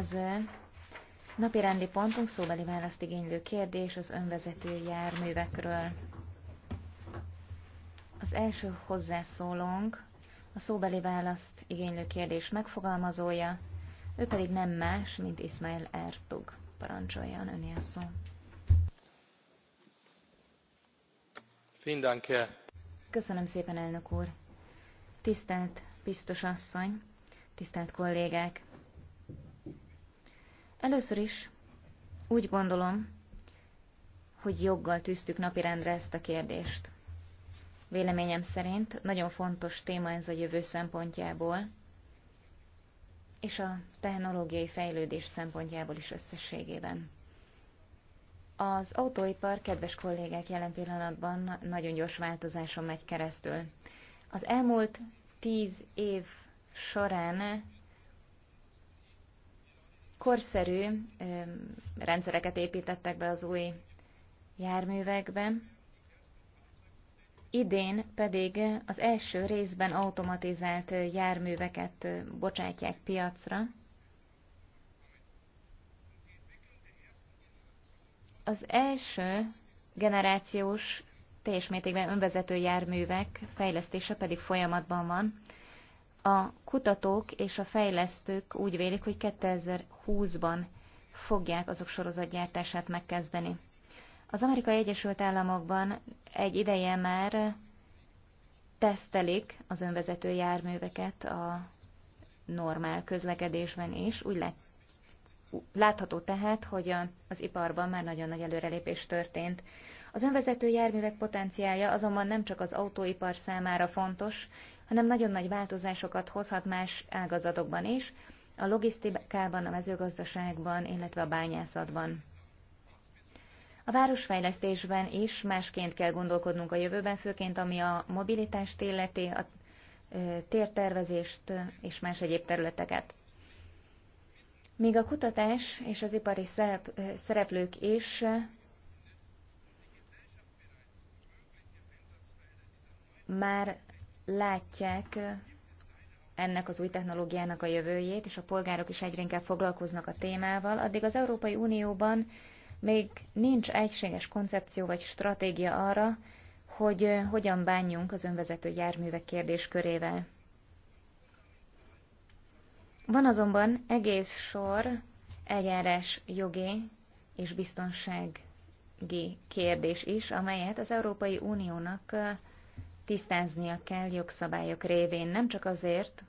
következő napirendi pontunk szóbeli választ igénylő kérdés az önvezető járművekről. Az első hozzászólónk a szóbeli választ igénylő kérdés megfogalmazója, ő pedig nem más, mint Ismail Ertug. Parancsoljon öné a szó. Köszönöm szépen, elnök úr. Tisztelt biztos asszony, tisztelt kollégák! Először is úgy gondolom, hogy joggal tűztük napirendre ezt a kérdést. Véleményem szerint nagyon fontos téma ez a jövő szempontjából, és a technológiai fejlődés szempontjából is összességében. Az autóipar, kedves kollégák, jelen pillanatban nagyon gyors változáson megy keresztül. Az elmúlt tíz év során korszerű rendszereket építettek be az új járművekbe, idén pedig az első részben automatizált járműveket bocsátják piacra. Az első generációs teljes mértékben önvezető járművek fejlesztése pedig folyamatban van. A kutatók és a fejlesztők úgy vélik, hogy 2020-ban fogják azok sorozatgyártását megkezdeni. Az Amerikai Egyesült Államokban egy ideje már tesztelik az önvezető járműveket a normál közlekedésben is. Úgy lett, látható tehát, hogy az iparban már nagyon nagy előrelépés történt. Az önvezető járművek potenciálja azonban nem csak az autóipar számára fontos, hanem nagyon nagy változásokat hozhat más ágazatokban is, a logisztikában, a mezőgazdaságban, illetve a bányászatban. A városfejlesztésben is másként kell gondolkodnunk a jövőben, főként ami a mobilitást illeti, a tértervezést és más egyéb területeket. Míg a kutatás és az ipari szerep, szereplők is már látják ennek az új technológiának a jövőjét, és a polgárok is egyre inkább foglalkoznak a témával, addig az Európai Unióban még nincs egységes koncepció vagy stratégia arra, hogy hogyan bánjunk az önvezető járművek kérdéskörével. Van azonban egész sor eljárás jogi és biztonsági kérdés is, amelyet az Európai Uniónak tisztáznia kell jogszabályok révén, nem csak azért,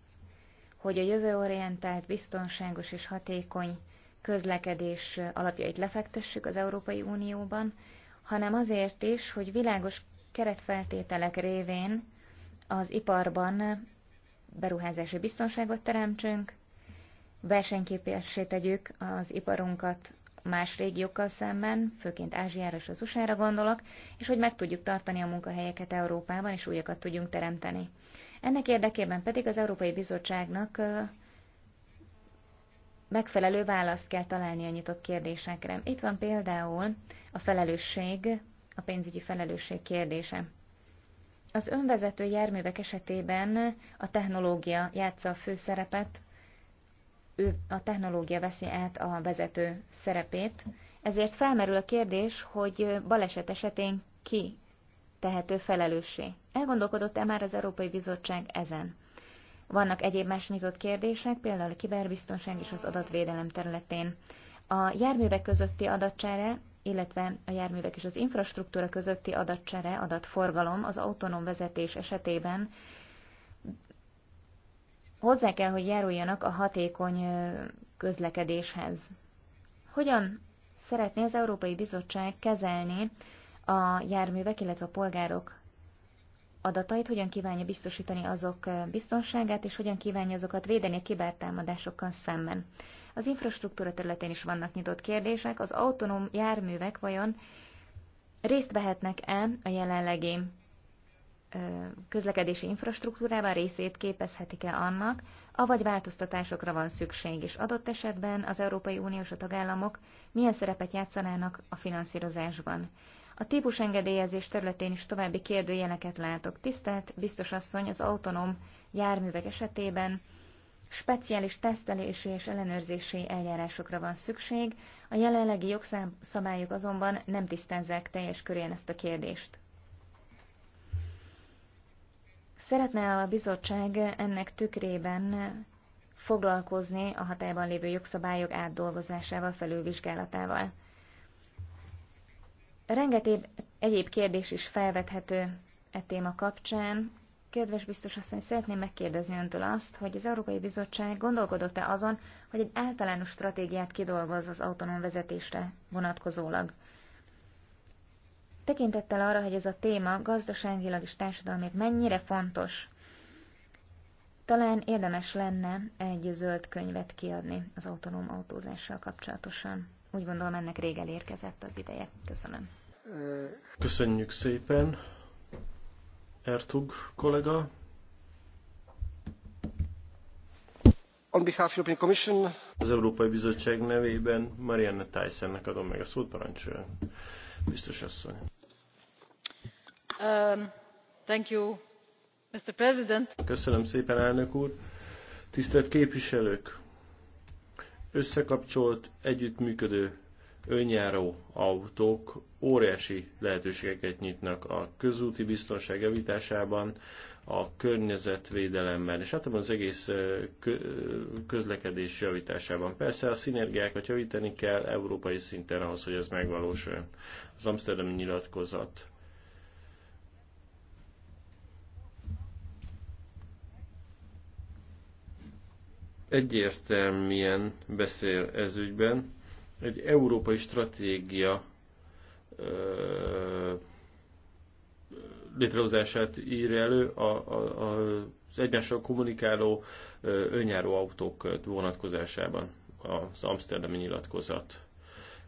hogy a jövőorientált, biztonságos és hatékony közlekedés alapjait lefektessük az Európai Unióban, hanem azért is, hogy világos keretfeltételek révén az iparban beruházási biztonságot teremtsünk, versenyképessé tegyük az iparunkat más régiókkal szemben, főként Ázsiára és az USA-ra gondolok, és hogy meg tudjuk tartani a munkahelyeket Európában, és újakat tudjunk teremteni. Ennek érdekében pedig az Európai Bizottságnak megfelelő választ kell találni a nyitott kérdésekre. Itt van például a felelősség, a pénzügyi felelősség kérdése. Az önvezető járművek esetében a technológia játsza a főszerepet, ő, a technológia veszi át a vezető szerepét, ezért felmerül a kérdés, hogy baleset esetén ki tehető felelőssé. Elgondolkodott-e már az Európai Bizottság ezen? Vannak egyéb más nyitott kérdések, például a kiberbiztonság és az adatvédelem területén. A járművek közötti adatcsere, illetve a járművek és az infrastruktúra közötti adatcsere, adatforgalom az autonóm vezetés esetében hozzá kell, hogy járuljanak a hatékony közlekedéshez. Hogyan szeretné az Európai Bizottság kezelni a járművek, illetve a polgárok adatait, hogyan kívánja biztosítani azok biztonságát, és hogyan kívánja azokat védeni a kibertámadásokkal szemben. Az infrastruktúra területén is vannak nyitott kérdések, az autonóm járművek vajon részt vehetnek-e a jelenlegi közlekedési infrastruktúrában részét képezhetik-e annak, avagy változtatásokra van szükség, és adott esetben az Európai Uniós a tagállamok milyen szerepet játszanának a finanszírozásban. A típusengedélyezés területén is további kérdőjeleket látok. Tisztelt biztos asszony, az autonóm járművek esetében speciális tesztelési és ellenőrzési eljárásokra van szükség, a jelenlegi jogszabályok azonban nem tisztázzák teljes körén ezt a kérdést. Szeretne a bizottság ennek tükrében foglalkozni a hatályban lévő jogszabályok átdolgozásával, felülvizsgálatával. Rengeteg egyéb kérdés is felvethető e téma kapcsán. Kedves biztos asszony, szeretném megkérdezni öntől azt, hogy az Európai Bizottság gondolkodott-e azon, hogy egy általános stratégiát kidolgoz az autonóm vezetésre vonatkozólag. Tekintettel arra, hogy ez a téma gazdaságilag és társadalmilag mennyire fontos, talán érdemes lenne egy zöld könyvet kiadni az autonóm autózással kapcsolatosan. Úgy gondolom, ennek rég elérkezett az ideje. Köszönöm. Köszönjük szépen, Ertug kollega. On behalf of European Commission. Az Európai Bizottság nevében Marianne Tyson-nek adom meg a szót, parancsoljon. Biztos asszony. Um, szépen, Tisztelt képviselők! Összekapcsolt, együttműködő, önjáró autók óriási lehetőségeket nyitnak a közúti biztonság javításában, a környezetvédelemben, és általában az egész közlekedés javításában. Persze a szinergiákat javítani kell európai szinten ahhoz, hogy ez megvalósuljon. Az Amsterdami nyilatkozat egyértelműen beszél ez ügyben. Egy európai stratégia létrehozását ír elő a, a, a, az egymással kommunikáló önjáró autók vonatkozásában az amsterdami nyilatkozat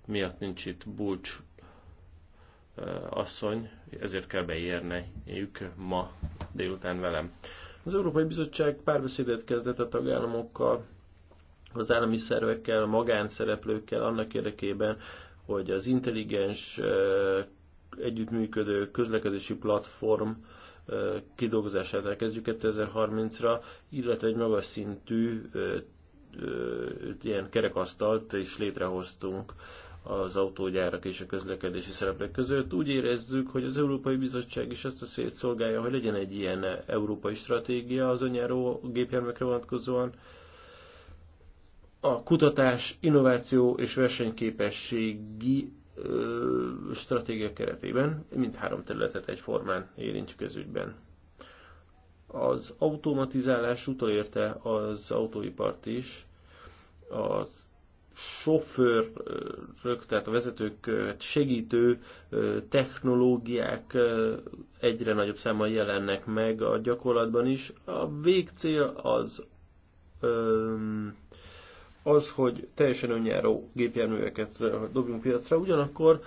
miatt nincs itt Bulcs asszony, ezért kell ők ma délután velem. Az Európai Bizottság párbeszédet kezdett a tagállamokkal, az állami szervekkel, a magánszereplőkkel annak érdekében, hogy az intelligens együttműködő közlekedési platform kidolgozását elkezdjük 2030-ra, illetve egy magas szintű ilyen kerekasztalt is létrehoztunk az autógyárak és a közlekedési szereplők között. Úgy érezzük, hogy az Európai Bizottság is ezt a szét szolgálja, hogy legyen egy ilyen európai stratégia az önjáró gépjárművekre vonatkozóan. A kutatás, innováció és versenyképességi ö, stratégia keretében mind három területet egyformán érintjük ez ügyben. Az automatizálás utolérte az autóipart is, az sofőrök, tehát a vezetők segítő technológiák egyre nagyobb számmal jelennek meg a gyakorlatban is. A végcél az az, hogy teljesen önjáró gépjárműveket dobjunk piacra, ugyanakkor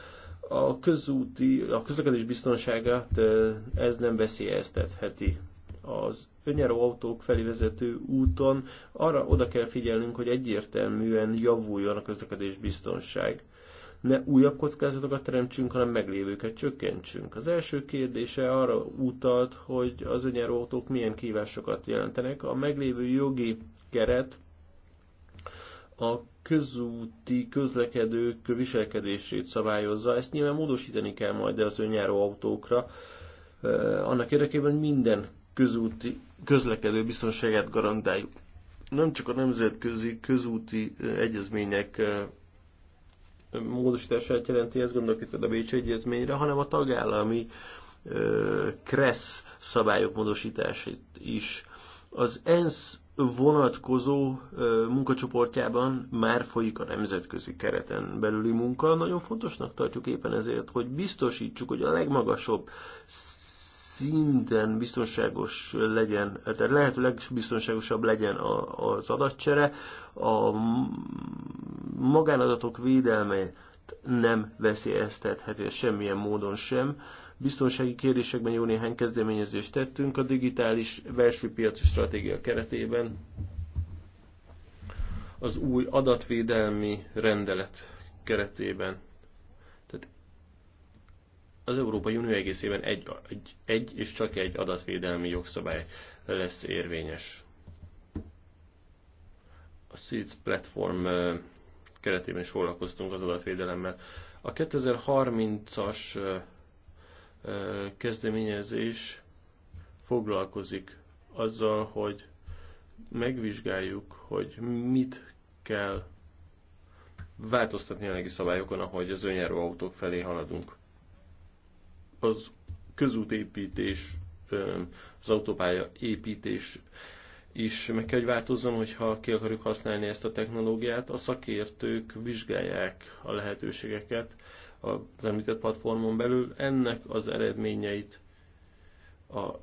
a közúti, a közlekedés biztonságát ez nem veszélyeztetheti. Az önjáró autók felé vezető úton arra oda kell figyelnünk, hogy egyértelműen javuljon a közlekedés biztonság. Ne újabb kockázatokat teremtsünk, hanem meglévőket csökkentsünk. Az első kérdése arra utalt, hogy az önjáró autók milyen kívásokat jelentenek. A meglévő jogi keret a közúti közlekedők viselkedését szabályozza. Ezt nyilván módosítani kell majd az önjáró autókra, eh, annak érdekében, hogy minden közúti közlekedő biztonságát garantáljuk. Nem csak a nemzetközi közúti egyezmények módosítását jelenti, ez gondolok itt a Bécsi Egyezményre, hanem a tagállami KRESZ szabályok módosítását is. Az ENSZ vonatkozó munkacsoportjában már folyik a nemzetközi kereten belüli munka. Nagyon fontosnak tartjuk éppen ezért, hogy biztosítsuk, hogy a legmagasabb szinten biztonságos legyen, tehát lehető legbiztonságosabb legyen az adatcsere, a magánadatok védelme nem veszélyeztetheti semmilyen módon sem. Biztonsági kérdésekben jó néhány kezdeményezést tettünk a digitális piaci stratégia keretében. Az új adatvédelmi rendelet keretében az Európai Unió egészében egy, egy, egy és csak egy adatvédelmi jogszabály lesz érvényes. A SEEDS platform keretében is foglalkoztunk az adatvédelemmel. A 2030-as kezdeményezés foglalkozik azzal, hogy megvizsgáljuk, hogy mit kell változtatni a legi szabályokon, ahogy az önjáró autók felé haladunk az közútépítés, az autópálya építés is meg kell, hogy változzon, hogyha ki akarjuk használni ezt a technológiát. A szakértők vizsgálják a lehetőségeket az említett platformon belül. Ennek az eredményeit a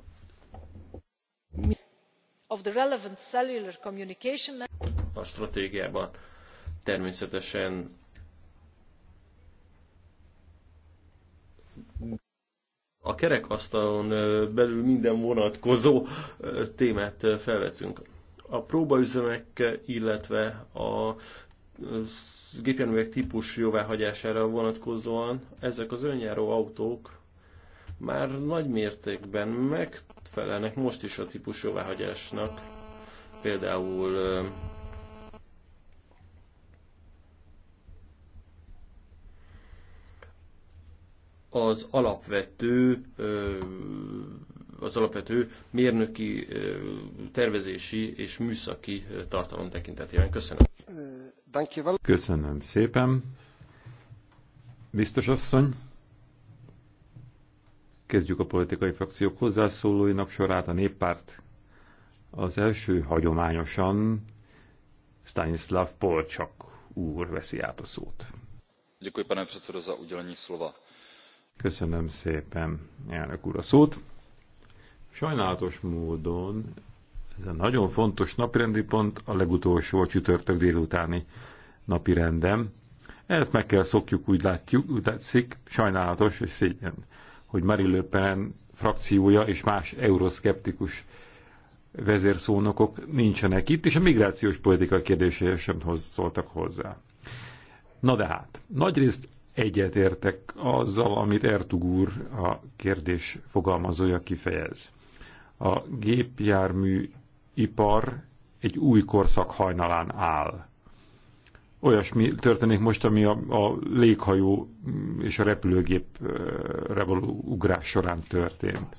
of the relevant cellular communication a stratégiában természetesen a kerekasztalon belül minden vonatkozó témát felvetünk. A próbaüzemek, illetve a gépjárművek típus jóváhagyására vonatkozóan ezek az önjáró autók már nagy mértékben megfelelnek most is a típus jóváhagyásnak. Például az alapvető az alapvető mérnöki, tervezési és műszaki tartalom tekintetében. Köszönöm. Köszönöm szépen. Biztos asszony. Kezdjük a politikai frakciók hozzászólóinak sorát. A néppárt az első hagyományosan Stanislav Polcsak úr veszi át a szót. Děkuji, pane předsedo, za udělení slova Köszönöm szépen, elnök úr, a szót. Sajnálatos módon ez a nagyon fontos napirendi pont a legutolsó a csütörtök délutáni napirendem. Ezt meg kell szokjuk, úgy látjuk, úgy tetszik, sajnálatos és szégyen, hogy Marine Le Pen frakciója és más euroszkeptikus vezérszónokok nincsenek itt, és a migrációs politika kérdéséhez sem szóltak hozzá. Na de hát, nagyrészt egyetértek azzal, amit Ertug úr a kérdés fogalmazója kifejez. A gépjármű ipar egy új korszak hajnalán áll. Olyasmi történik most, ami a, a léghajó és a repülőgép való ugrás során történt.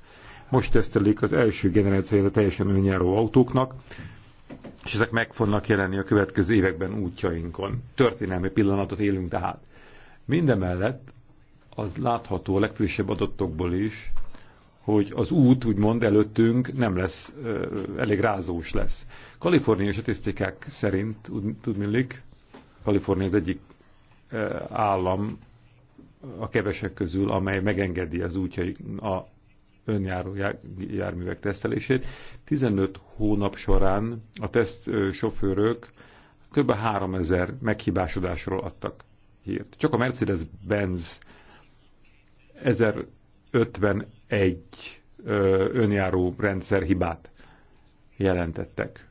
Most tesztelik az első generációja teljesen önjáró autóknak, és ezek meg fognak jelenni a következő években útjainkon. Történelmi pillanatot élünk tehát Mindemellett az látható a legfrissebb adatokból is, hogy az út, úgymond előttünk nem lesz, elég rázós lesz. Kaliforniai statisztikák szerint, tudnélik, Kalifornia az egyik állam a kevesek közül, amely megengedi az útjai a önjáró járművek tesztelését. 15 hónap során a teszt sofőrök kb. 3000 meghibásodásról adtak hírt. Csak a Mercedes-Benz 1051 önjáró rendszer hibát jelentettek.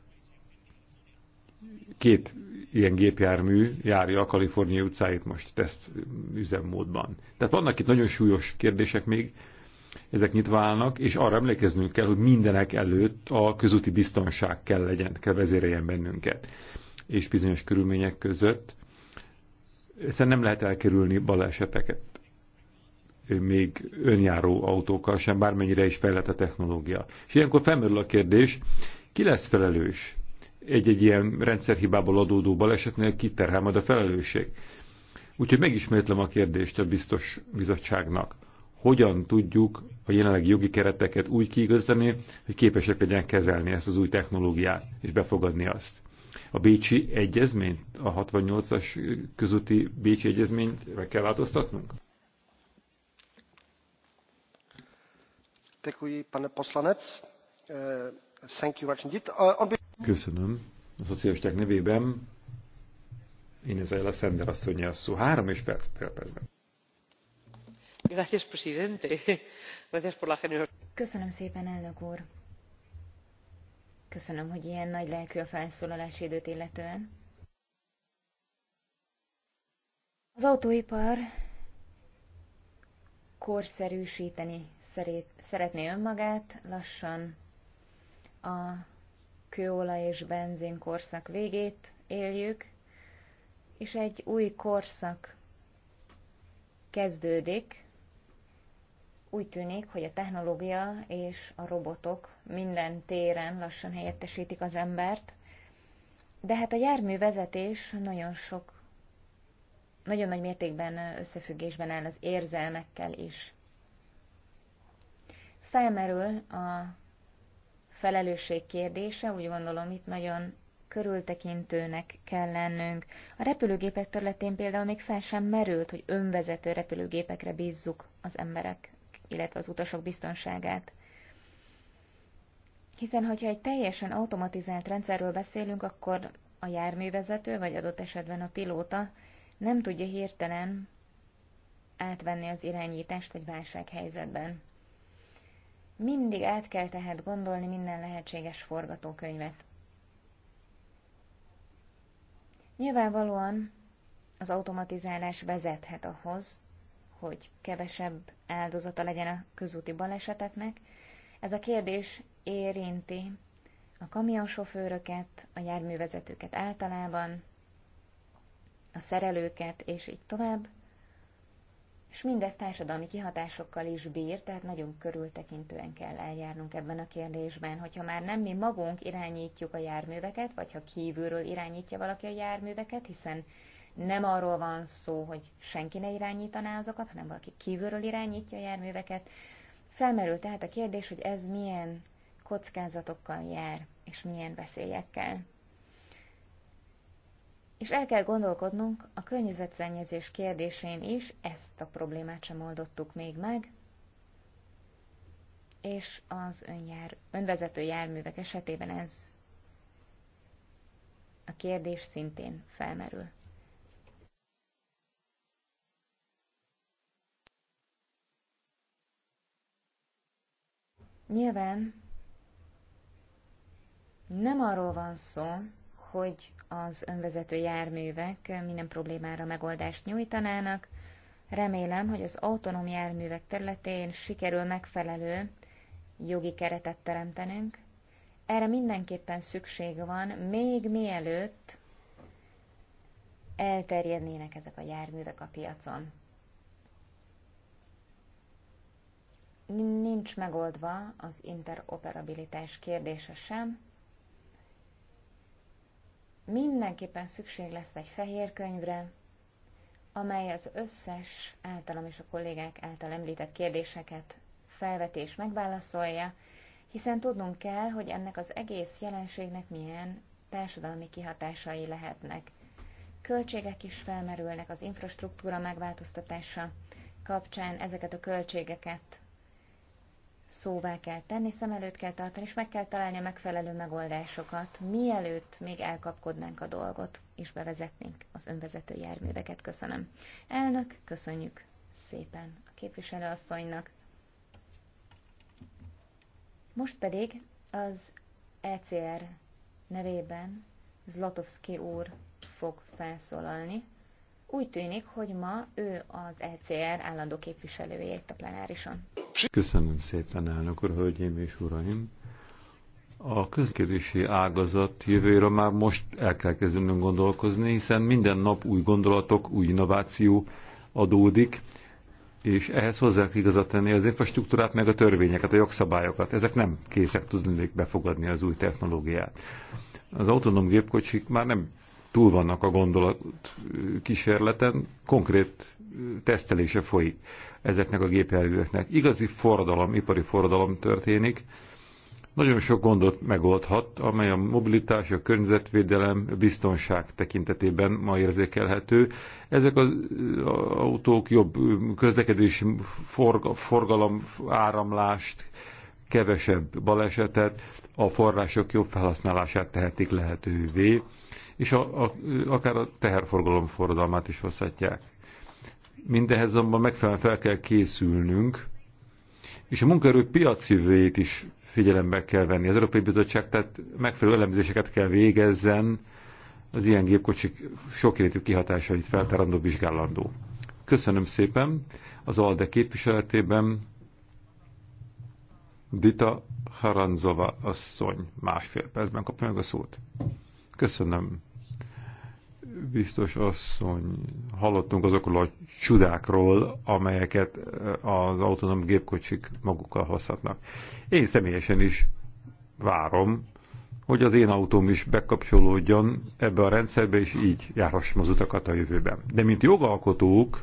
Két ilyen gépjármű járja a Kalifornia utcáit most teszt üzemmódban. Tehát vannak itt nagyon súlyos kérdések még, ezek nyitva állnak, és arra emlékeznünk kell, hogy mindenek előtt a közúti biztonság kell legyen, kell vezéreljen bennünket. És bizonyos körülmények között egyszerűen nem lehet elkerülni baleseteket még önjáró autókkal sem, bármennyire is fejlett a technológia. És ilyenkor felmerül a kérdés, ki lesz felelős egy-egy ilyen rendszerhibából adódó balesetnél, kiterhel majd a felelősség. Úgyhogy megismétlem a kérdést a biztos bizottságnak. Hogyan tudjuk a jelenlegi jogi kereteket úgy kiigazítani, hogy képesek legyen kezelni ezt az új technológiát, és befogadni azt? a Bécsi Egyezményt, a 68-as közötti Bécsi Egyezményt meg kell változtatnunk? Eh, eh, Köszönöm. A szociálisták nevében én ez a Szender asszony a szó. Három és perc percben. Köszönöm szépen, elnök úr. Köszönöm, hogy ilyen nagy lelkű a felszólalási időt illetően. Az autóipar korszerűsíteni szeretné önmagát, lassan a kőola és benzin korszak végét éljük, és egy új korszak kezdődik, úgy tűnik, hogy a technológia és a robotok minden téren lassan helyettesítik az embert, de hát a járművezetés nagyon sok, nagyon nagy mértékben összefüggésben áll az érzelmekkel is. Felmerül a felelősség kérdése, úgy gondolom itt nagyon körültekintőnek kell lennünk. A repülőgépek területén például még fel sem merült, hogy önvezető repülőgépekre bízzuk az emberek illetve az utasok biztonságát. Hiszen, hogyha egy teljesen automatizált rendszerről beszélünk, akkor a járművezető, vagy adott esetben a pilóta nem tudja hirtelen átvenni az irányítást egy válsághelyzetben. Mindig át kell tehát gondolni minden lehetséges forgatókönyvet. Nyilvánvalóan az automatizálás vezethet ahhoz, hogy kevesebb áldozata legyen a közúti baleseteknek. Ez a kérdés érinti a kamionsofőröket, a járművezetőket általában, a szerelőket, és így tovább. És mindez társadalmi kihatásokkal is bír, tehát nagyon körültekintően kell eljárnunk ebben a kérdésben, hogyha már nem mi magunk irányítjuk a járműveket, vagy ha kívülről irányítja valaki a járműveket, hiszen nem arról van szó, hogy senki ne irányítaná azokat, hanem valaki kívülről irányítja a járműveket. Felmerül tehát a kérdés, hogy ez milyen kockázatokkal jár, és milyen veszélyekkel. És el kell gondolkodnunk a környezetszennyezés kérdésén is, ezt a problémát sem oldottuk még meg, és az önjár, önvezető járművek esetében ez a kérdés szintén felmerül. Nyilván nem arról van szó, hogy az önvezető járművek minden problémára megoldást nyújtanának. Remélem, hogy az autonóm járművek területén sikerül megfelelő jogi keretet teremtenünk. Erre mindenképpen szükség van, még mielőtt elterjednének ezek a járművek a piacon. nincs megoldva az interoperabilitás kérdése sem. Mindenképpen szükség lesz egy fehér könyvre, amely az összes általam és a kollégák által említett kérdéseket felveti és megválaszolja, hiszen tudnunk kell, hogy ennek az egész jelenségnek milyen társadalmi kihatásai lehetnek. Költségek is felmerülnek az infrastruktúra megváltoztatása kapcsán, ezeket a költségeket szóvá kell tenni, szem előtt kell tartani, és meg kell találni a megfelelő megoldásokat, mielőtt még elkapkodnánk a dolgot, és bevezetnénk az önvezető járműveket. Köszönöm. Elnök, köszönjük szépen a képviselőasszonynak. Most pedig az ECR nevében Zlatowski úr fog felszólalni. Úgy tűnik, hogy ma ő az ECR állandó képviselője itt a plenárison. Köszönöm szépen, elnök úr, hölgyeim és uraim! A közlekedési ágazat jövőjéről már most el kell kezdenünk gondolkozni, hiszen minden nap új gondolatok, új innováció adódik, és ehhez hozzá kell tenni az infrastruktúrát, meg a törvényeket, a jogszabályokat. Ezek nem készek tudnék befogadni az új technológiát. Az autonóm gépkocsik már nem túl vannak a gondolat kísérleten, konkrét tesztelése folyik ezeknek a gépjárműveknek. Igazi forradalom, ipari forradalom történik, nagyon sok gondot megoldhat, amely a mobilitás, a környezetvédelem, a biztonság tekintetében ma érzékelhető. Ezek az autók jobb közlekedési forga, forgalom áramlást, kevesebb balesetet, a források jobb felhasználását tehetik lehetővé, és a, a, akár a teherforgalom forradalmát is hozhatják. Mindehez azonban megfelelően fel kell készülnünk, és a munkaerő piacjövőjét is figyelembe kell venni. Az Európai Bizottság tehát megfelelő elemzéseket kell végezzen, az ilyen gépkocsik sokérétű kihatásait feltárandó, vizsgálandó. Köszönöm szépen az ALDE képviseletében Dita Haranzova asszony másfél percben kapja meg a szót. Köszönöm biztos asszony, hallottunk azokról a csudákról, amelyeket az autonóm gépkocsik magukkal hozhatnak. Én személyesen is várom, hogy az én autóm is bekapcsolódjon ebbe a rendszerbe, és így járhassam az utakat a jövőben. De mint jogalkotók,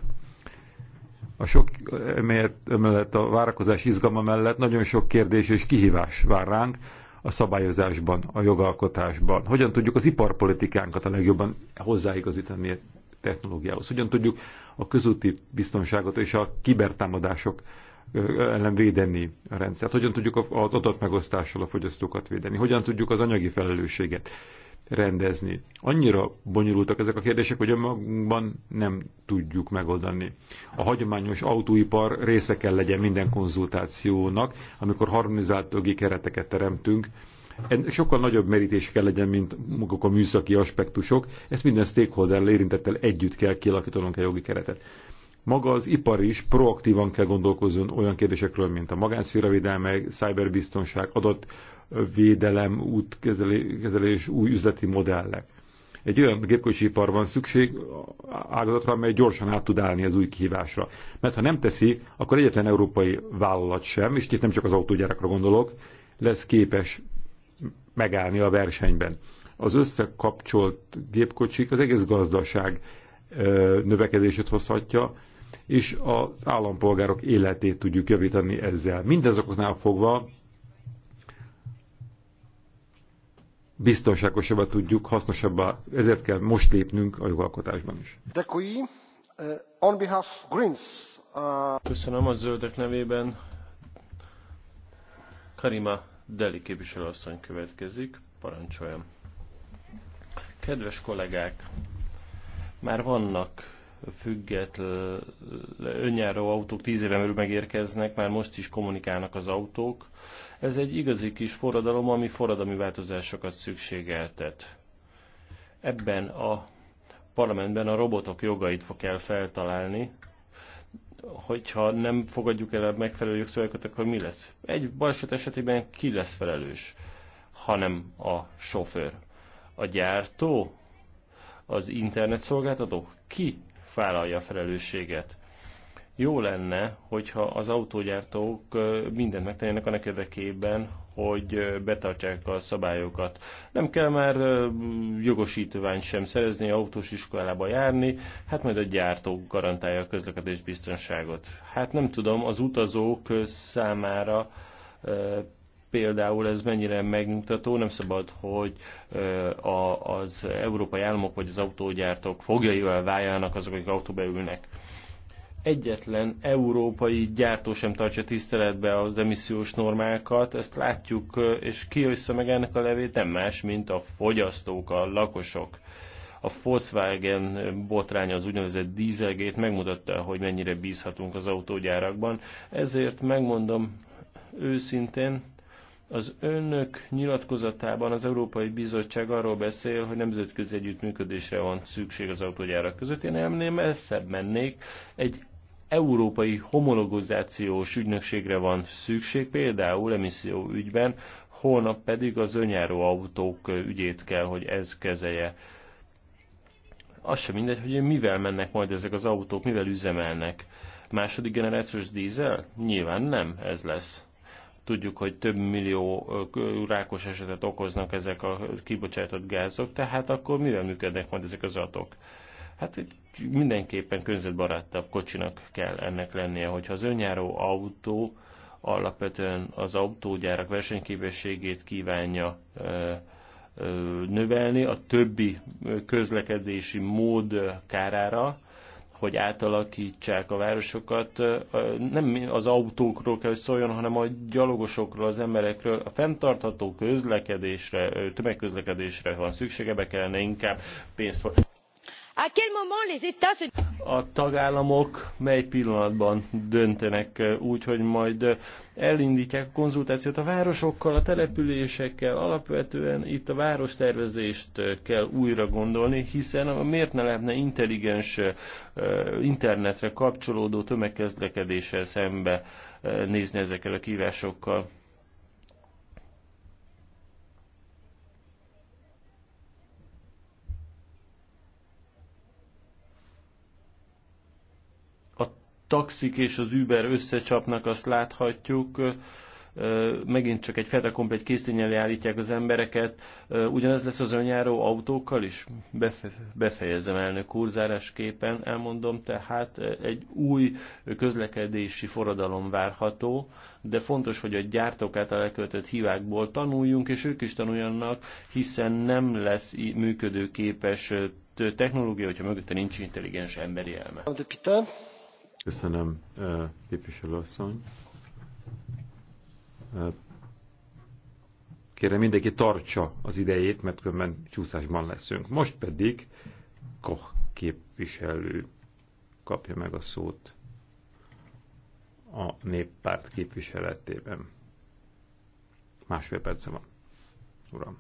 a sok emellett, a várakozás izgalma mellett nagyon sok kérdés és kihívás vár ránk, a szabályozásban, a jogalkotásban? Hogyan tudjuk az iparpolitikánkat a legjobban hozzáigazítani a technológiához? Hogyan tudjuk a közúti biztonságot és a kibertámadások ellen védeni a rendszert? Hogyan tudjuk az adatmegosztással a fogyasztókat védeni? Hogyan tudjuk az anyagi felelősséget rendezni. Annyira bonyolultak ezek a kérdések, hogy önmagunkban nem tudjuk megoldani. A hagyományos autóipar része kell legyen minden konzultációnak, amikor harmonizált jogi kereteket teremtünk, sokkal nagyobb merítés kell legyen, mint maguk a műszaki aspektusok, ezt minden stakeholder érintettel együtt kell kialakítanunk a jogi keretet. Maga az ipar is proaktívan kell gondolkozzon olyan kérdésekről, mint a magánszféra védelme, cyberbiztonság, adott védelem, útkezelés, új üzleti modellek. Egy olyan gépkocsipar van szükség ágazatra, amely gyorsan át tud állni az új kihívásra. Mert ha nem teszi, akkor egyetlen európai vállalat sem, és itt nem csak az autógyárakra gondolok, lesz képes megállni a versenyben. Az összekapcsolt gépkocsik az egész gazdaság növekedését hozhatja, és az állampolgárok életét tudjuk javítani ezzel. Mindezoknál fogva biztonságosabbá tudjuk, hasznosabbá, ezért kell most lépnünk a jogalkotásban is. Eh, eh, Köszönöm a zöldek nevében. Karima Deli képviselőasszony következik. Parancsoljam. Kedves kollégák, már vannak független önjáró autók, tíz éven belül megérkeznek, már most is kommunikálnak az autók. Ez egy igazi kis forradalom, ami forradalmi változásokat szükségeltet. Ebben a parlamentben a robotok jogait kell feltalálni, hogyha nem fogadjuk el a megfelelő jogszabályokat, akkor mi lesz? Egy baleset esetében ki lesz felelős, hanem a sofőr. A gyártó, az internet szolgáltató, ki vállalja a felelősséget? Jó lenne, hogyha az autógyártók mindent megtennének annak érdekében, hogy betartsák a szabályokat. Nem kell már jogosítványt sem szerezni, autós iskolába járni, hát majd a gyártó garantálja a közlekedés biztonságot. Hát nem tudom, az utazók számára például ez mennyire megnyugtató, nem szabad, hogy az európai államok vagy az autógyártók fogjaival váljanak azok, akik autóba ülnek egyetlen európai gyártó sem tartja tiszteletbe az emissziós normákat, ezt látjuk, és ki össze meg ennek a levét nem más, mint a fogyasztók, a lakosok. A Volkswagen botránya az úgynevezett dízelgét megmutatta, hogy mennyire bízhatunk az autógyárakban. Ezért megmondom őszintén, az önök nyilatkozatában az Európai Bizottság arról beszél, hogy nemzetközi együttműködésre van szükség az autógyárak között. Én ennél messzebb mennék. Egy európai homologizációs ügynökségre van szükség, például emisszió ügyben, holnap pedig az önjáró autók ügyét kell, hogy ez kezelje. Az sem mindegy, hogy mivel mennek majd ezek az autók, mivel üzemelnek. Második generációs dízel? Nyilván nem ez lesz. Tudjuk, hogy több millió rákos esetet okoznak ezek a kibocsátott gázok, tehát akkor mivel működnek majd ezek az autók? Hát itt mindenképpen környezetbarátabb kocsinak kell ennek lennie, hogyha az önjáró autó alapvetően az autógyárak versenyképességét kívánja növelni a többi közlekedési mód kárára, hogy átalakítsák a városokat. Nem az autókról kell, hogy szóljon, hanem a gyalogosokról, az emberekről. A fenntartható közlekedésre, tömegközlekedésre van szüksége, be kellene inkább pénzt a tagállamok mely pillanatban döntenek eh, úgy, hogy majd eh, elindítják a konzultációt a városokkal, a településekkel, alapvetően itt a várostervezést eh, kell újra gondolni, hiszen miért ne lehetne intelligens internetre kapcsolódó tömegközlekedéssel szembe nézni ezekkel a kívásokkal. taxik és az Uber összecsapnak, azt láthatjuk. Megint csak egy fedekomp egy késztényel állítják az embereket. Ugyanez lesz az önjáró autókkal is? befejezem elnök képen, elmondom, tehát egy új közlekedési forradalom várható, de fontos, hogy a gyártók által elköltött hívákból tanuljunk, és ők is tanuljanak, hiszen nem lesz működőképes technológia, hogyha mögötte nincs intelligens emberi elme. Köszönöm, képviselőasszony. Kérem, mindenki tartsa az idejét, mert különben csúszásban leszünk. Most pedig Koch képviselő kapja meg a szót a néppárt képviseletében. Másfél perce van, uram.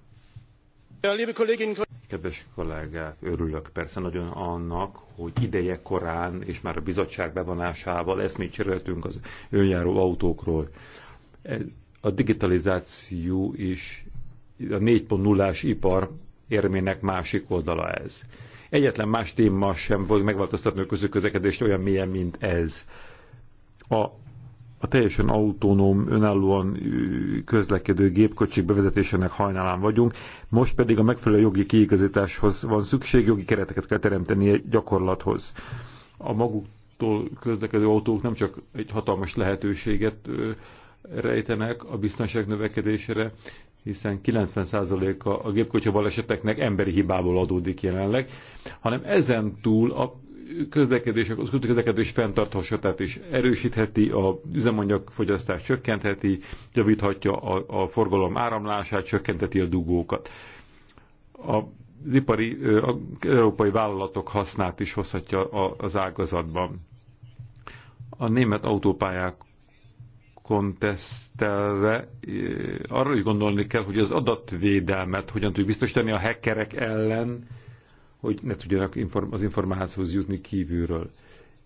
Kedves kollégák, örülök persze nagyon annak, hogy ideje korán és már a bizottság bevonásával eszmét cseréltünk az önjáró autókról. A digitalizáció és a 4.0-ás ipar érmének másik oldala ez. Egyetlen más téma sem fog megváltoztatni a közöködekedést olyan mélyen, mint ez. A a teljesen autonóm, önállóan közlekedő gépkocsik bevezetésének hajnalán vagyunk, most pedig a megfelelő jogi kiigazításhoz van szükség, jogi kereteket kell teremteni egy gyakorlathoz. A maguktól közlekedő autók nem csak egy hatalmas lehetőséget rejtenek a biztonság növekedésére, hiszen 90%-a a gépkocsi baleseteknek emberi hibából adódik jelenleg, hanem ezen túl a közlekedés, az közlekedés fenntarthatóságát is erősítheti, a üzemanyagfogyasztást csökkentheti, javíthatja a, a forgalom áramlását, csökkenteti a dugókat. A az ipari, a európai vállalatok hasznát is hozhatja az ágazatban. A német autópályák kontesztelve arra is gondolni kell, hogy az adatvédelmet hogyan tudjuk biztosítani a hackerek ellen, hogy ne tudjanak az információhoz jutni kívülről.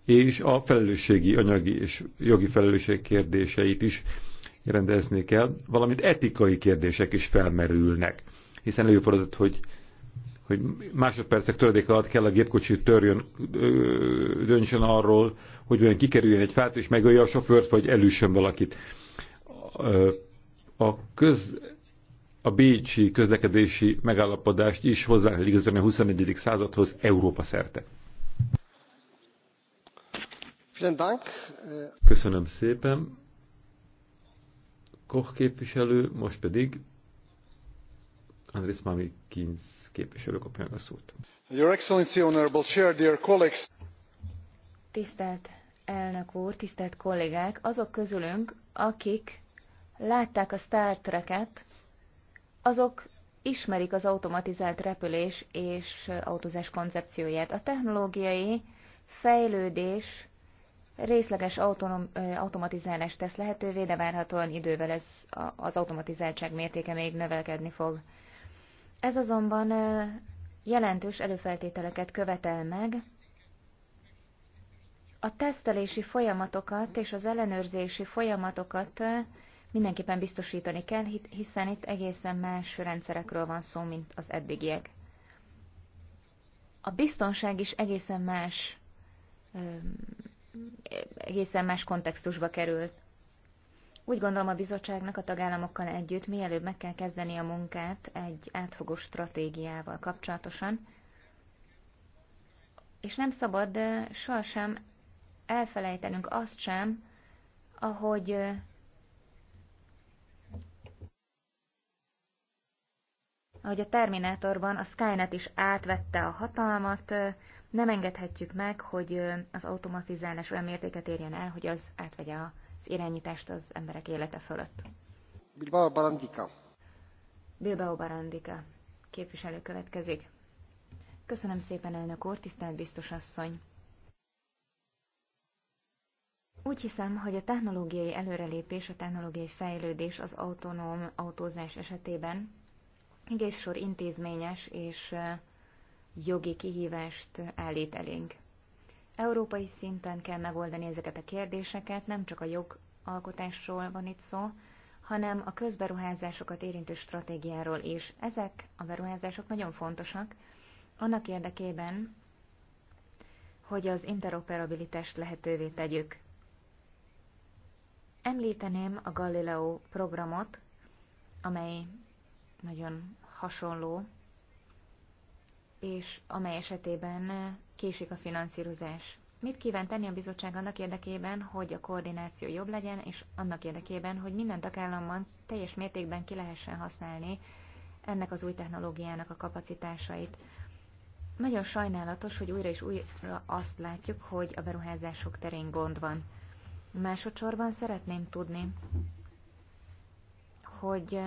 És a felelősségi, anyagi és jogi felelősség kérdéseit is rendezni kell, valamint etikai kérdések is felmerülnek. Hiszen előfordult, hogy, hogy másodpercek töredék alatt kell a gépkocsi törjön, döntsön arról, hogy olyan kikerüljön egy fát, és megölje a sofőrt, vagy elüssön valakit. A köz a bécsi közlekedési megállapodást is hozzá kell igazolni a 21. századhoz Európa szerte. Köszönöm szépen. Koch képviselő, most pedig Andrész Mami Kinz képviselő kapja a szót. Your Excellency, Honorable Chair, dear colleagues. Tisztelt elnök úr, tisztelt kollégák, azok közülünk, akik látták a Star Trek-et, azok ismerik az automatizált repülés és autózás koncepcióját. A technológiai fejlődés részleges autonom, automatizálást tesz lehetővé, de várhatóan idővel ez az automatizáltság mértéke még növelkedni fog. Ez azonban jelentős előfeltételeket követel meg, a tesztelési folyamatokat és az ellenőrzési folyamatokat mindenképpen biztosítani kell, hiszen itt egészen más rendszerekről van szó, mint az eddigiek. A biztonság is egészen más, egészen más kontextusba került. Úgy gondolom a bizottságnak a tagállamokkal együtt mielőbb meg kell kezdeni a munkát egy átfogó stratégiával kapcsolatosan, és nem szabad sohasem elfelejtenünk azt sem, ahogy ahogy a Terminátorban a Skynet is átvette a hatalmat, nem engedhetjük meg, hogy az automatizálás olyan mértéket érjen el, hogy az átvegye az irányítást az emberek élete fölött. Bilbao Barandika. Bilbao Barandika. Képviselő következik. Köszönöm szépen, elnök úr, tisztelt biztos asszony. Úgy hiszem, hogy a technológiai előrelépés, a technológiai fejlődés az autonóm autózás esetében egész sor intézményes és jogi kihívást állít elénk. Európai szinten kell megoldani ezeket a kérdéseket, nem csak a jogalkotásról van itt szó, hanem a közberuházásokat érintő stratégiáról is. Ezek a beruházások nagyon fontosak, annak érdekében, hogy az interoperabilitást lehetővé tegyük. Említeném a Galileo programot, amely nagyon hasonló, és amely esetében késik a finanszírozás. Mit kíván tenni a bizottság annak érdekében, hogy a koordináció jobb legyen, és annak érdekében, hogy minden tagállamban teljes mértékben ki lehessen használni ennek az új technológiának a kapacitásait. Nagyon sajnálatos, hogy újra és újra azt látjuk, hogy a beruházások terén gond van. Másodszorban szeretném tudni, hogy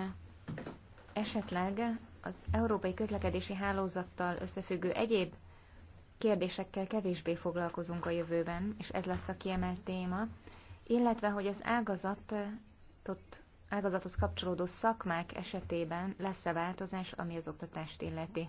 esetleg az európai közlekedési hálózattal összefüggő egyéb kérdésekkel kevésbé foglalkozunk a jövőben, és ez lesz a kiemelt téma, illetve hogy az ágazatot, ágazathoz kapcsolódó szakmák esetében lesz-e változás, ami az oktatást illeti.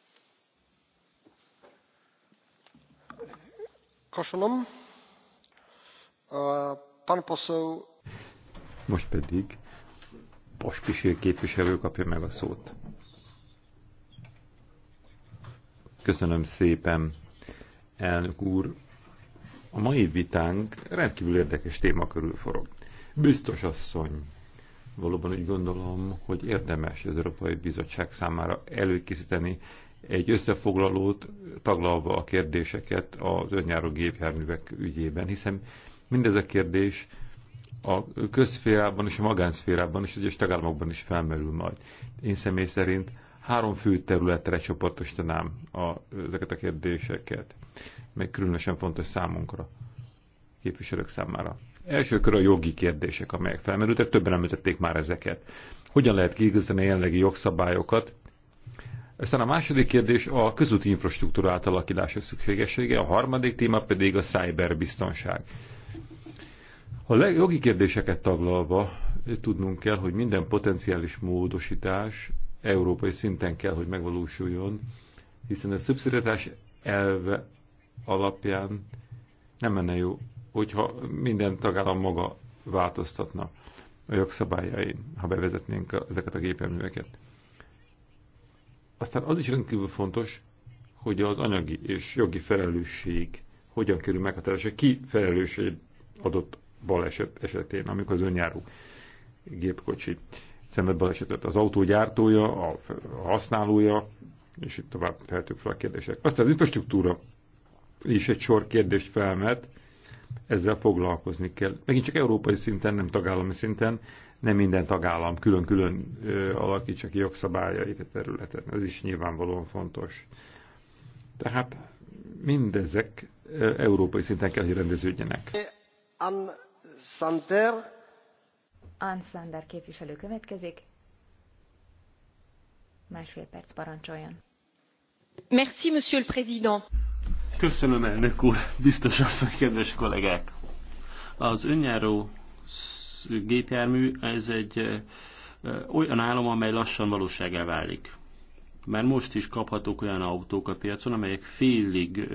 Most pedig Pospisil képviselő kapja meg a szót. Köszönöm szépen, elnök úr. A mai vitánk rendkívül érdekes téma körül forog. Biztos asszony, valóban úgy gondolom, hogy érdemes az Európai Bizottság számára előkészíteni egy összefoglalót taglalva a kérdéseket az önjáró gépjárművek ügyében, hiszen mindez a kérdés a közszférában és a magánszférában és egyes tagállamokban is felmerül majd. Én személy szerint három fő területre csoportosítanám a, ezeket a kérdéseket, meg különösen fontos számunkra, képviselők számára. Első kör a jogi kérdések, amelyek felmerültek, többen említették már ezeket. Hogyan lehet kiigazítani a jelenlegi jogszabályokat, aztán a második kérdés a közúti infrastruktúra átalakítása szükségessége, a harmadik téma pedig a cyberbiztonság. A jogi kérdéseket taglalva tudnunk kell, hogy minden potenciális módosítás európai szinten kell, hogy megvalósuljon, hiszen a szubszidiatás elve alapján nem menne jó, hogyha minden tagállam maga változtatna a jogszabályain, ha bevezetnénk ezeket a gépjárműveket. Aztán az is rendkívül fontos, hogy az anyagi és jogi felelősség hogyan kerül meghatározása, ki felelős egy adott baleset esetén, amikor az önjáró gépkocsi szenved balesetet. Az autó gyártója, a használója, és itt tovább feltük fel a kérdések. Aztán az infrastruktúra is egy sor kérdést felmet, ezzel foglalkozni kell. Megint csak európai szinten, nem tagállami szinten, nem minden tagállam külön-külön alakítsa ki jogszabályait a területen. Ez is nyilvánvalóan fontos. Tehát mindezek európai szinten kell, hogy rendeződjenek. Anszander Ansander képviselő következik. Másfél perc parancsoljon. Merci, monsieur le président. Köszönöm, elnök úr, biztos asszony, kedves kollégák! Az önjáró gépjármű, ez egy olyan állam, amely lassan valóságá válik. mert most is kaphatók olyan autók a piacon, amelyek félig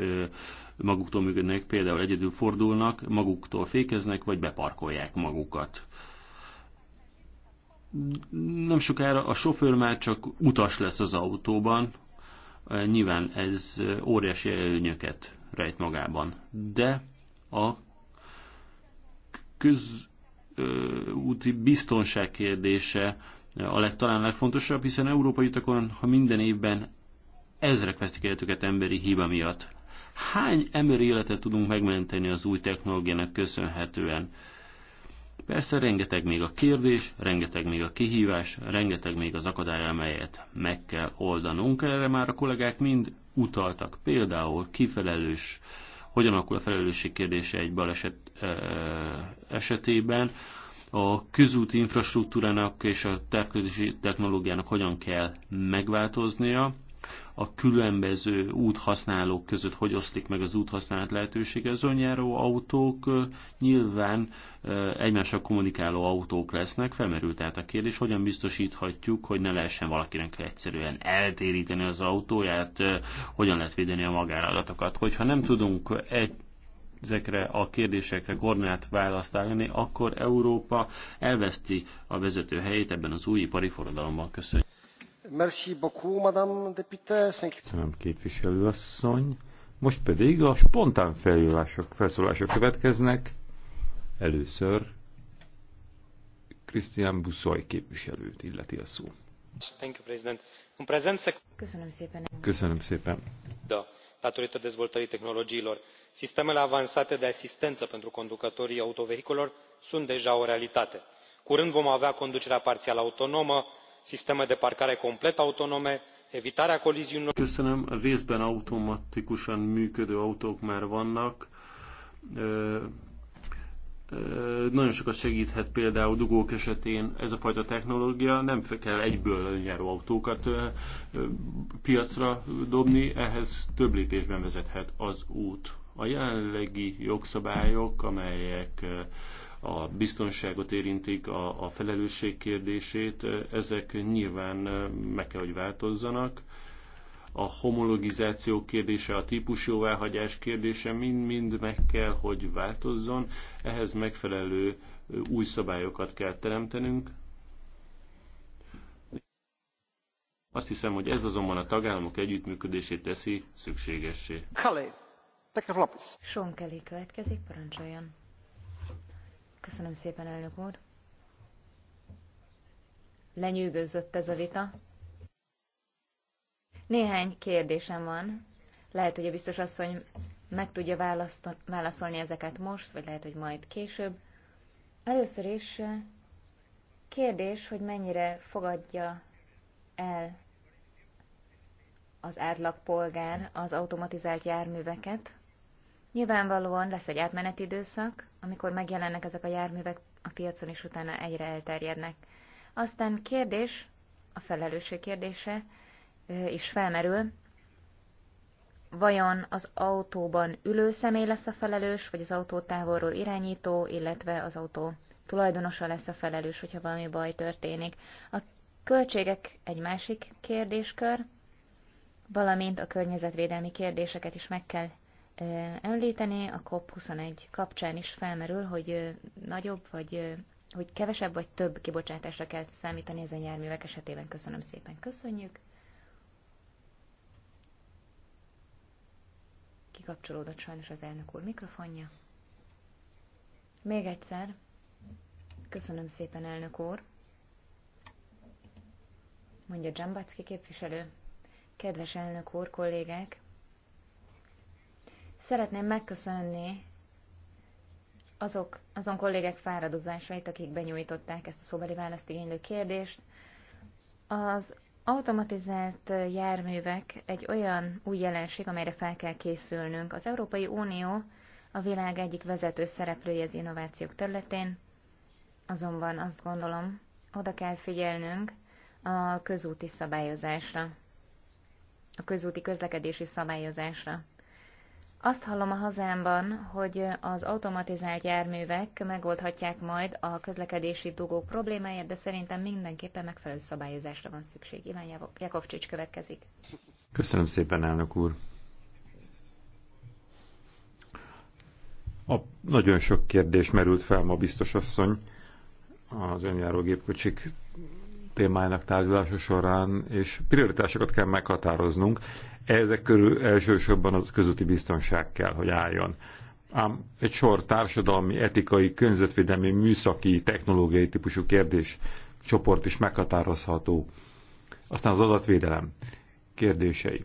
maguktól működnek, például egyedül fordulnak, maguktól fékeznek, vagy beparkolják magukat. Nem sokára a sofőr már csak utas lesz az autóban, nyilván ez óriási előnyöket rejt magában. De a köz úti biztonság kérdése a leg, talán legfontosabb, hiszen európai utakon, ha minden évben ezrek vesztik életüket emberi hiba miatt. Hány emberi életet tudunk megmenteni az új technológiának köszönhetően? Persze rengeteg még a kérdés, rengeteg még a kihívás, rengeteg még az akadály, amelyet meg kell oldanunk. Erre már a kollégák mind utaltak. Például kifelelős uh, hogyan alakul a felelősség kérdése egy baleset esetében, a közúti infrastruktúrának és a tervközési technológiának hogyan kell megváltoznia, a különböző úthasználók között hogy oszlik meg az úthasználat lehetősége. Az önjáró autók nyilván egymással kommunikáló autók lesznek. Felmerült tehát a kérdés, hogyan biztosíthatjuk, hogy ne lehessen valakinek egyszerűen eltéríteni az autóját, hogyan lehet védeni a magáradatokat. Hogyha nem tudunk egy ezekre a kérdésekre koordinát választ állni, akkor Európa elveszti a vezető helyét ebben az új ipari forradalomban. Köszönjük. Köszönöm, képviselő asszony. Most pedig a spontán felülások, felszólások következnek. Először Krisztián Buszoly képviselőt illeti a szó. Köszönöm szépen. Köszönöm szépen. Da datorită dezvoltării tehnologiilor. sistemele avansate de asistență pentru conducătorii autovehiculor sunt deja o realitate. curând vom avea conducerea parțială autonomă sisteme de parcare complet autonome evitarea coliziunilor. Köszönöm, részben automatikusan működő autók már vannak. Ö, ö, nagyon sokat segíthet például dugók esetén ez a fajta technológia, nem kell egyből önjáró autókat ö, piacra dobni, ehhez több lépésben vezethet az út. A jelenlegi jogszabályok, amelyek a biztonságot érintik, a, a felelősség kérdését, ezek nyilván meg kell, hogy változzanak. A homologizáció kérdése, a jóváhagyás kérdése mind-mind meg kell, hogy változzon. Ehhez megfelelő új szabályokat kell teremtenünk, Azt hiszem, hogy ez azonban a tagállamok együttműködését teszi szükségessé. Sean Kelly következik, parancsoljon. Köszönöm szépen, elnök úr. Lenyűgözött ez a vita. Néhány kérdésem van. Lehet, hogy a biztos asszony meg tudja válaszolni ezeket most, vagy lehet, hogy majd később. Először is eh, kérdés, hogy mennyire fogadja el az átlagpolgár az automatizált járműveket, Nyilvánvalóan lesz egy átmeneti időszak, amikor megjelennek ezek a járművek a piacon, és utána egyre elterjednek. Aztán kérdés, a felelősség kérdése is felmerül, vajon az autóban ülő személy lesz a felelős, vagy az autó távolról irányító, illetve az autó tulajdonosa lesz a felelős, hogyha valami baj történik. A költségek egy másik kérdéskör, valamint a környezetvédelmi kérdéseket is meg kell említeni, a COP21 kapcsán is felmerül, hogy nagyobb vagy hogy kevesebb vagy több kibocsátásra kell számítani ezen járművek esetében. Köszönöm szépen, köszönjük. Kikapcsolódott sajnos az elnök úr mikrofonja. Még egyszer, köszönöm szépen, elnök úr, mondja Dzsambacki képviselő. Kedves elnök úr, kollégák, Szeretném megköszönni azok, azon kollégek fáradozásait, akik benyújtották ezt a szóbeli választ igénylő kérdést. Az automatizált járművek egy olyan új jelenség, amelyre fel kell készülnünk. Az Európai Unió a világ egyik vezető szereplője az innovációk területén, azonban azt gondolom, oda kell figyelnünk a közúti szabályozásra, a közúti közlekedési szabályozásra. Azt hallom a hazámban, hogy az automatizált járművek megoldhatják majd a közlekedési dugók problémáját, de szerintem mindenképpen megfelelő szabályozásra van szükség. Iván Jakovcsics következik. Köszönöm szépen, elnök úr. A nagyon sok kérdés merült fel ma, biztos asszony, az önjáró gépkocsik témájának tárgyalása során, és prioritásokat kell meghatároznunk. Ezek körül elsősorban az közötti biztonság kell, hogy álljon. Ám egy sor társadalmi, etikai, környezetvédelmi, műszaki, technológiai típusú kérdés csoport is meghatározható. Aztán az adatvédelem kérdései.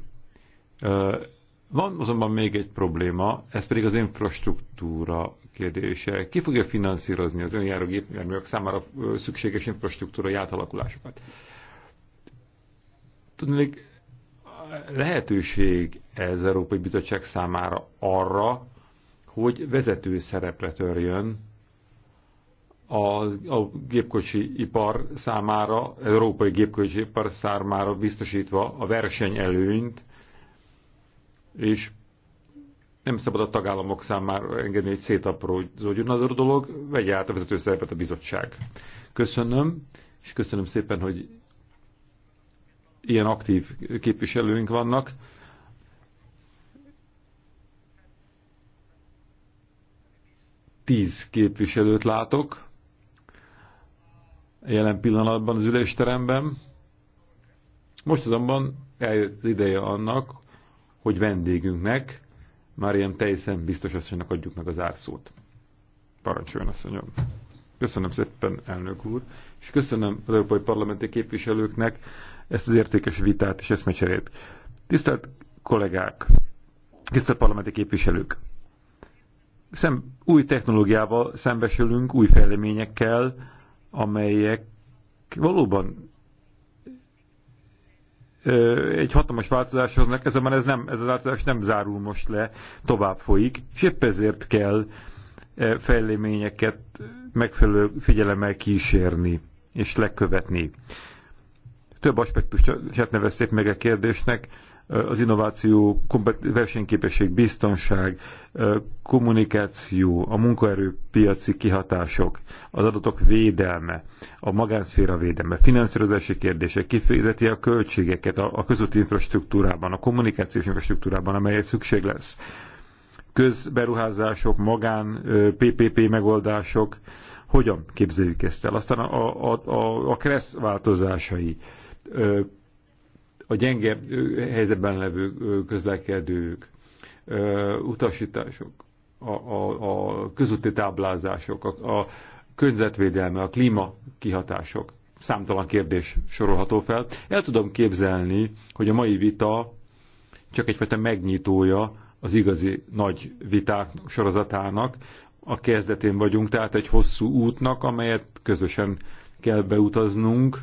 Van azonban még egy probléma, ez pedig az infrastruktúra kérdése. Ki fogja finanszírozni az önjáró gépjárművek számára szükséges infrastruktúrai átalakulásokat? Tudni, lehetőség ez Európai Bizottság számára arra, hogy vezető szerepre törjön a, a gépkocsi ipar számára, európai gépkocsi ipar számára biztosítva a versenyelőnyt, és nem szabad a tagállamok számára engedni, hogy szétaprózódjon az a dolog, vegye át a vezető szerepet a bizottság. Köszönöm, és köszönöm szépen, hogy ilyen aktív képviselőink vannak. Tíz képviselőt látok jelen pillanatban az ülésteremben. Most azonban eljött ideje annak, hogy vendégünknek, Marian Teisen biztos asszonynak adjuk meg az árszót. Parancsoljon asszonyom. Köszönöm szépen, elnök úr, és köszönöm az európai parlamenti képviselőknek ezt az értékes vitát és eszmecserét. Tisztelt kollégák, tisztelt parlamenti képviselők! Szem, új technológiával szembesülünk, új fejleményekkel, amelyek valóban egy hatalmas változáshoz ez, ez, nem, ez a változás nem zárul most le, tovább folyik, és épp ezért kell fejleményeket megfelelő figyelemmel kísérni és lekövetni. Több aspektusát nevezték meg a kérdésnek, az innováció, versenyképesség, biztonság, kommunikáció, a munkaerőpiaci kihatások, az adatok védelme, a magánszféra védelme, finanszírozási kérdések, kifizeti a költségeket a közúti infrastruktúrában, a kommunikációs infrastruktúrában, amelyet szükség lesz. Közberuházások, magán PPP megoldások, hogyan képzeljük ezt el? Aztán a, a, a, a KRESZ változásai, a gyenge helyzetben levő közlekedők, utasítások, a, a, a közúti táblázások, a, a környezetvédelme, a klíma kihatások. Számtalan kérdés sorolható fel. El tudom képzelni, hogy a mai vita csak egyfajta megnyitója az igazi nagy viták sorozatának. A kezdetén vagyunk, tehát egy hosszú útnak, amelyet közösen kell beutaznunk,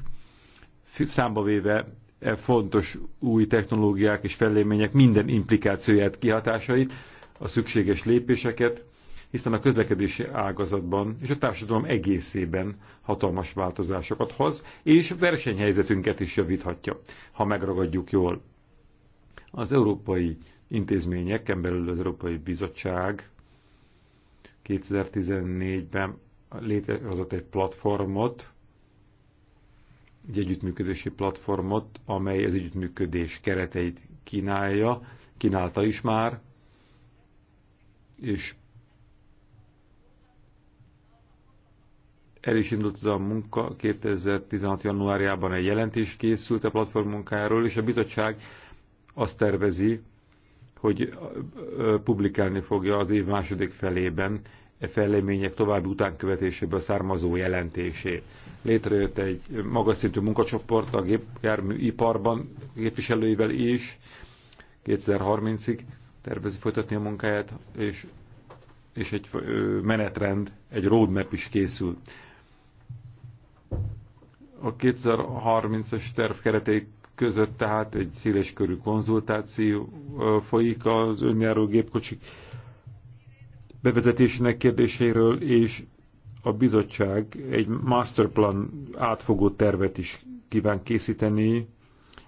számba véve e fontos új technológiák és fellémények minden implikációját, kihatásait, a szükséges lépéseket, hiszen a közlekedési ágazatban és a társadalom egészében hatalmas változásokat hoz, és versenyhelyzetünket is javíthatja, ha megragadjuk jól. Az európai intézményeken belül az Európai Bizottság 2014-ben létrehozott egy platformot, egy együttműködési platformot, amely az együttműködés kereteit kínálja, kínálta is már, és el is indult a munka, 2016. januárjában egy jelentés készült a platform munkáról, és a bizottság azt tervezi, hogy publikálni fogja az év második felében e fejlemények további utánkövetéséből származó jelentését. Létrejött egy magas szintű munkacsoport a gépjárműiparban képviselőivel is, 2030-ig tervezi folytatni a munkáját, és, és egy menetrend, egy roadmap is készül. A 2030-as terv keretei között tehát egy széles körű konzultáció folyik az önjáró gépkocsik bevezetésének kérdéséről, és a bizottság egy masterplan átfogó tervet is kíván készíteni,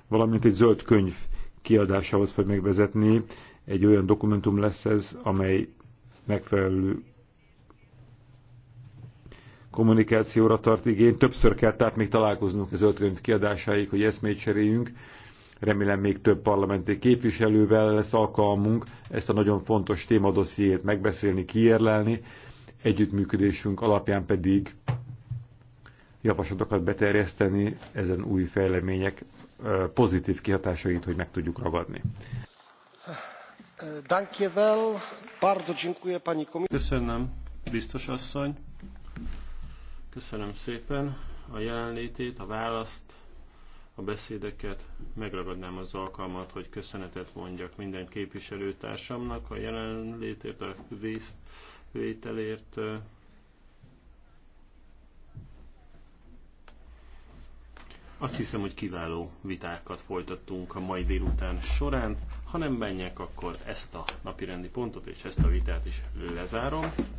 valamint egy zöld könyv kiadásához fog megvezetni. Egy olyan dokumentum lesz ez, amely megfelelő kommunikációra tart igény. Többször kell tehát még találkoznunk a zöld könyv kiadásáig, hogy eszmét cseréljünk. Remélem még több parlamenti képviselővel lesz alkalmunk ezt a nagyon fontos témadossziét megbeszélni, kiérlelni, együttműködésünk alapján pedig javaslatokat beterjeszteni ezen új fejlemények pozitív kihatásait, hogy meg tudjuk ragadni. Köszönöm, biztos asszony. Köszönöm szépen a jelenlétét, a választ, a beszédeket. Megragadnám az alkalmat, hogy köszönetet mondjak minden képviselőtársamnak a jelenlétért, a vételért. Azt hiszem, hogy kiváló vitákat folytattunk a mai délután során. Ha nem menjek, akkor ezt a napirendi pontot és ezt a vitát is lezárom.